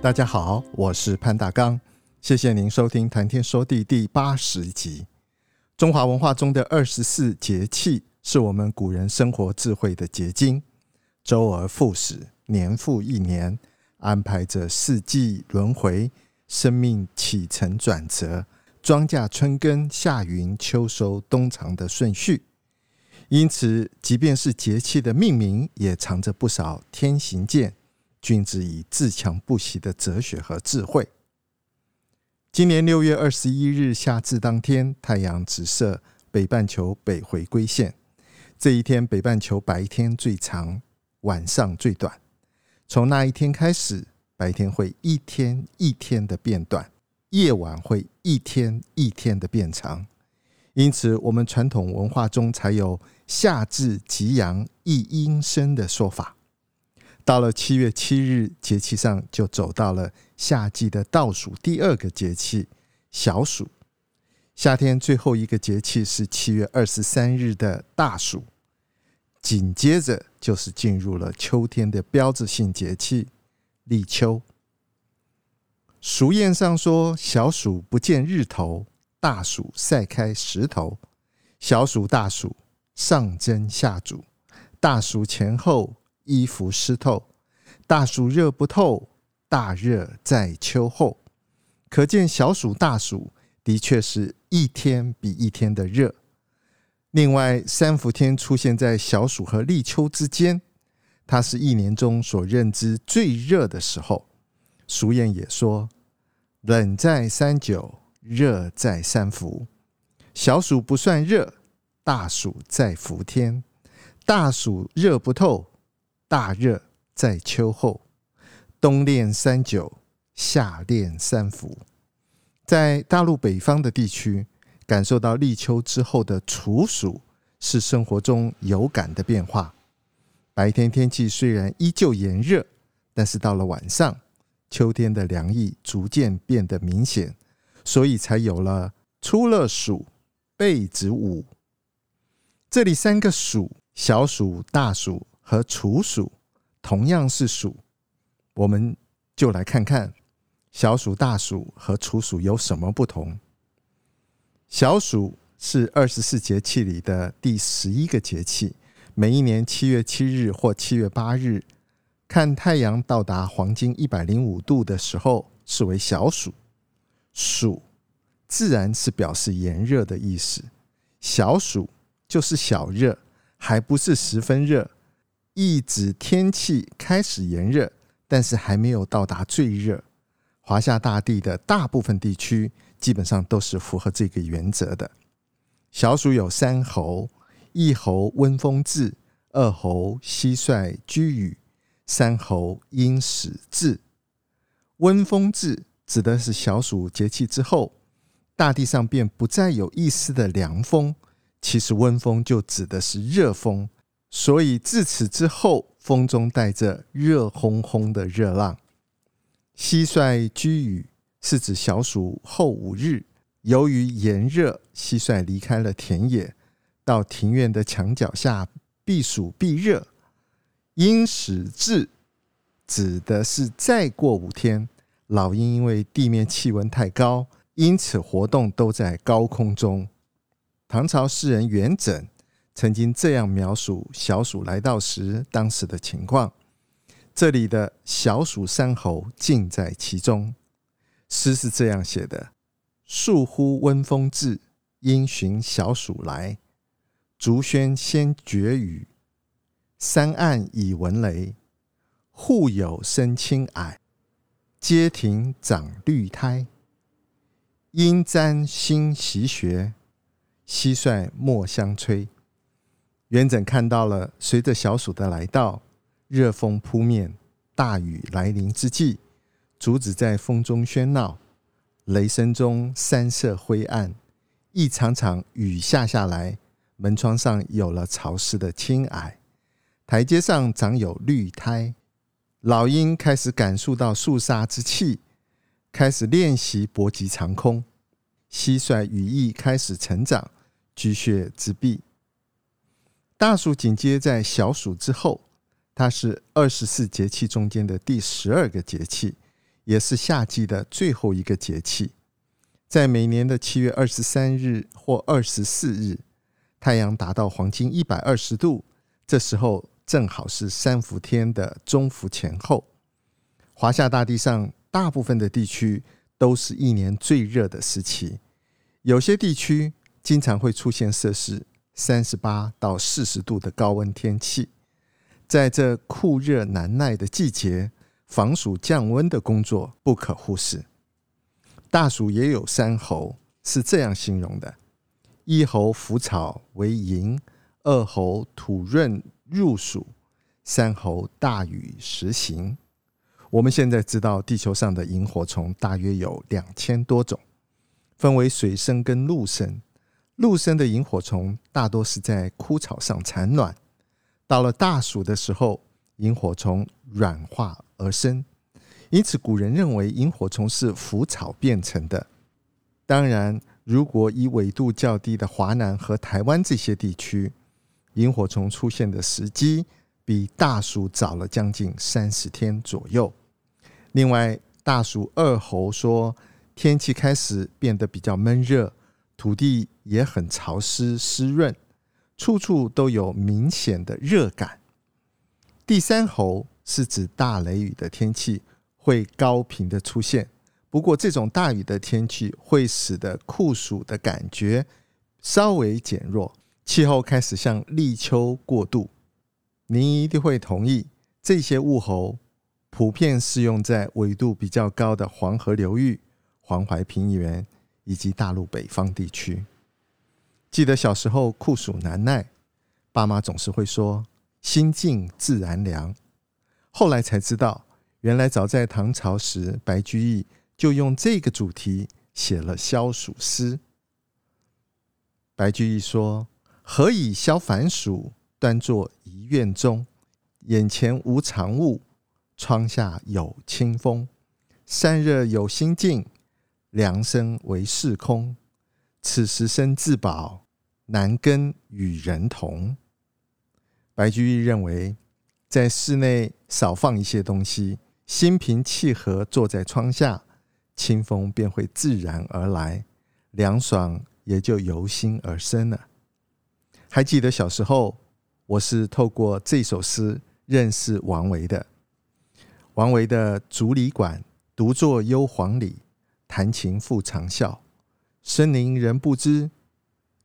大家好，我是潘大剛，謝謝您收聽《談天說地》第八十集。中華文化中的二十四節氣，是我們古人生活智慧的結晶，周而復始，年復一年，安排着四季輪回、生命起承轉折、莊稼春耕、夏耘、秋收、冬藏的順序。因此，即便是節氣的命名，也藏着不少天行健。君子以自強不息的哲學和智慧。今年六月二十一日夏至當天，太陽直射北半球北回歸線，這一天北半球白天最長，晚上最短。從那一天開始，白天會一天一天的變短，夜晚會一天一天的變長。因此，我們傳統文化中才有“夏至極陽，一陰生”的說法。到了七月七日節氣上，就走到了夏季的倒數第二個節氣小暑。夏天最後一個節氣是七月二十三日的大暑，緊接着就是進入了秋天的標誌性節氣立秋。俗諺上說：“小暑不見日頭，大暑曬開石頭。小暑大暑，上蒸下煮；大暑前後，”衣服濕透，大暑熱不透，大熱在秋後。可見小暑、大暑的確是一天比一天的熱。另外，三伏天出現在小暑和立秋之間，它是一年中所認知最熱的時候。俗諺也說：“冷在三九，熱在三伏。”小暑不算熱，大暑在伏天，大暑熱不透。大熱在秋後，冬練三九，夏練三伏。在大陸北方的地區，感受到立秋之後的處暑，是生活中有感的變化。白天天氣雖然依舊炎熱，但是到了晚上，秋天的涼意逐漸變得明顯，所以才有了“出了暑，被子捂”。這裡三個暑，小暑、大暑。和處暑，同樣是暑，我們就來看看小暑、大暑和處暑有什麼不同。小暑是二十四節氣裡的第十一個節氣，每一年七月七日或七月八日，看太陽到達黃金一百零五度的時候，是為小暑。暑自然是表示炎熱的意思，小暑就是小熱，還不是十分熱。意指天氣開始炎熱，但是還沒有到達最熱。華夏大地的大部分地區基本上都是符合這個原則的。小暑有三候：一候溫風至，二候蟋蟀居宇，三候鷹始摯，溫風至指的是小暑節氣之後，大地上便不再有一絲的涼風。其實溫風就指的是熱風。所以自此之後，風中帶着熱烘烘的熱浪。蟋蟀居宇是指小暑後五日，由於炎熱，蟋蟀離開了田野，到庭院的牆角下避暑避熱。鷹始鷙指的是再過五天，老鷹因為地面氣溫太高，因此活動都在高空中。唐朝詩人元稹，曾經這樣描述小暑來到時當時的情況：這裡的小暑、三候盡在其中。詩是這樣寫的：“倏忽溫風至，因循小暑來。竹喧先覺雨，山暗已聞雷。戶牖深青靄，階庭長綠苔。鷹鸇新習學，蟋蟀莫相催。”元稹看到了，隨着小暑的來到，熱風撲面，大雨來臨之際，竹子在風中喧鬧，雷聲中山色灰暗，一場場雨下下來，門窗上有了潮濕的青靄，台階上長有綠苔，老鷹開始感受到肅殺之氣，開始練習搏擊長空，蟋蟀羽翼開始成長，居穴之壁。大暑緊接在小暑之後，它是二十四節氣中間的第十二個節氣，也是夏季的最後一個節氣。在每年的七月二十三日或二十四日，太陽達到黃經一百二十度，這時候正好是三伏天的中伏前後。華夏大地上大部分的地區都是一年最熱的時期，有些地區經常會出現攝氏。三十八到四十度的高溫天氣，在這酷熱難耐的季節，防暑降溫的工作不可忽視。大暑也有三候，是這樣形容的：一候腐草為螢，二候土潤溽暑，三候大雨時行。我們現在知道，地球上的螢火蟲大約有兩千多種，分為水生跟陸生。陸生的螢火蟲大多是在枯草上產卵，到了大暑的時候，螢火蟲軟化而生，因此古人認為螢火蟲是腐草變成的。當然，如果以緯度較低的華南和台灣這些地區，螢火蟲出現的時機比大暑早了將近三十天左右。另外，大暑二候說天氣開始變得比較悶熱。土地也很潮濕濕潤，處處都有明顯的熱感。第三候是指大雷雨的天氣會高頻的出現，不過這種大雨的天氣會使得酷暑的感覺稍微減弱，氣候開始向立秋過渡。您一定會同意，這些物候普遍適用在緯度比較高的黃河流域、黃淮平原。以及大陸北方地區，記得小時候酷暑難耐，爸媽總是會說“心靜自然涼”。後來才知道，原來早在唐朝時，白居易就用這個主題寫了消暑詩。白居易說：“何以消煩暑？端坐一院中，眼前無長物，窗下有清風。散熱由心靜。”涼生為室空，此時身自保，難跟與人同。白居易認為，在室內少放一些東西，心平氣和坐在窗下，清風便會自然而來，涼爽也就由心而生了。還記得小時候，我是透過這首詩認識王維的。王維的《竹裡館》，獨坐幽篁裡。彈琴復長嘯，深林人不知，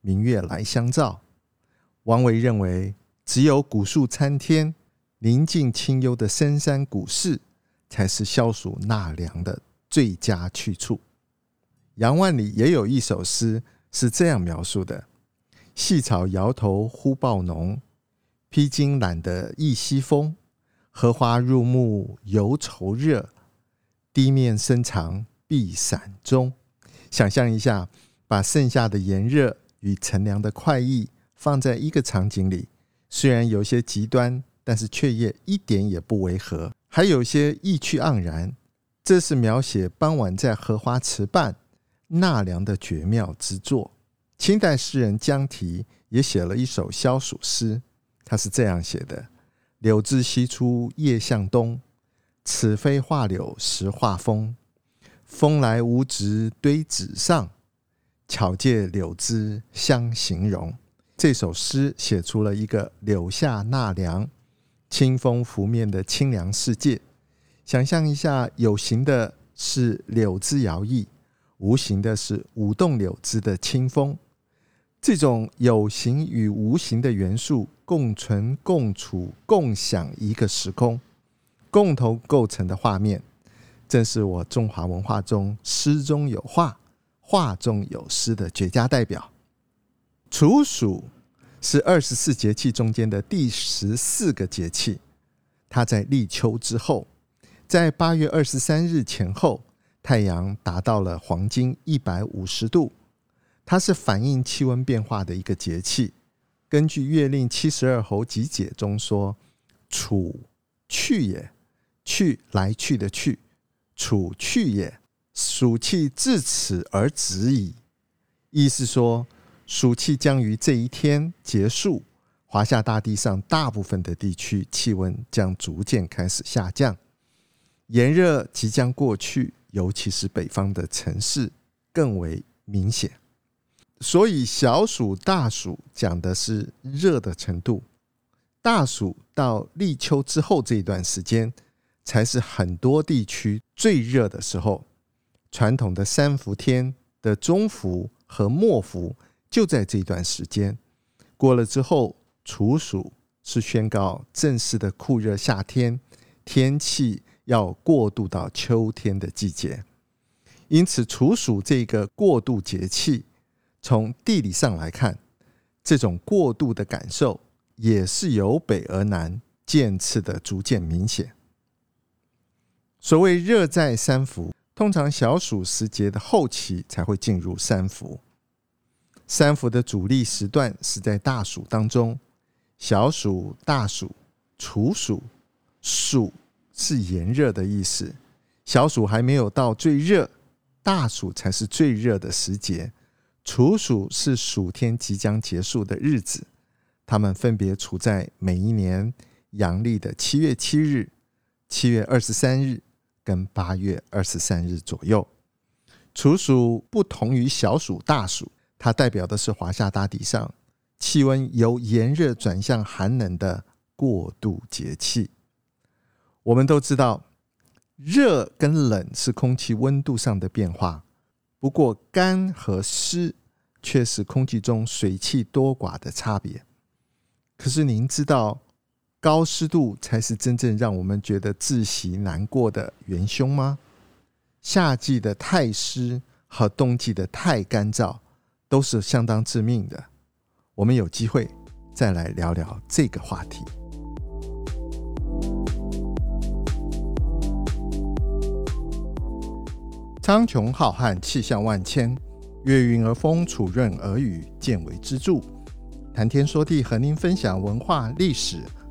明月來相照。王維認為，只有古樹參天、寧靜清幽的深山古寺，才是消暑納涼的最佳去處。楊萬里也有一首詩是這樣描述的：“細草搖頭忽報儂，披襟懶得一西風。荷花入暮猶愁熱，低面深藏。”碧傘中，想象一下，把盛夏的炎熱與乘涼的快意放在一個場景裡，雖然有些極端，但是卻也一點也不違和，還有些意趣盎然。這是描寫傍晚在荷花池畔納涼的絕妙之作。清代詩人江堤也寫了一首消暑詩，他是這樣寫的：“柳枝西出葉向東，此非畫柳實畫風。”風來無直堆紙上，巧借柳枝相形容。這首詩寫出了一個柳下納涼、清風拂面的清涼世界。想象一下，有形的是柳枝搖曳，無形的是舞動柳枝的清風。這種有形與無形的元素共存、共處、共享一個時空，共同構成的畫面。正是我中華文化中詩中有畫，畫中有詩的絕佳代表。處暑是二十四節氣中間的第十四個節氣，它在立秋之後，在八月二十三日前後，太陽達到了黃經一百五十度。它是反映氣溫變化的一個節氣。根據《月令七十二候集解》中說：“處，去也，去來去的去。”處去也，暑氣至此而止矣。意思是說，暑氣將於這一天結束。華夏大地上大部分的地區氣溫將逐漸開始下降，炎熱即將過去，尤其是北方的城市更為明顯。所以，小暑、大暑講的是熱的程度。大暑到立秋之後這一段時間。才是很多地區最熱的時候，傳統的三伏天的中伏和末伏就在這一段時間。過了之後，處暑是宣告正式的酷熱夏天，天氣要過渡到秋天的季節。因此，處暑這個過渡節氣，從地理上來看，這種過渡的感受也是由北而南漸次的逐漸明顯。所謂熱在三伏，通常小暑時節的後期才會進入三伏。三伏的主力時段是在大暑當中，小暑、大暑、處暑，暑是炎熱的意思。小暑還沒有到最熱，大暑才是最熱的時節。處暑是暑天即將結束的日子，他們分別處在每一年陽曆的七月七日、七月二十三日。跟八月二十三日左右，處暑不同於小暑、大暑，它代表的是華夏大地上氣溫由炎熱轉向寒冷的過渡節氣。我們都知道，熱跟冷是空氣溫度上的變化，不過乾和濕卻是空氣中水汽多寡的差別。可是您知道，高濕度才是真正讓我們覺得窒息難過的元凶嗎？夏季的太濕和冬季的太乾燥都是相當致命的。我們有機會再來聊聊這個話題。蒼穹浩瀚，氣象萬千，月暈而風，礎潤而雨，見微知著，談天說地，和您分享文化歷史。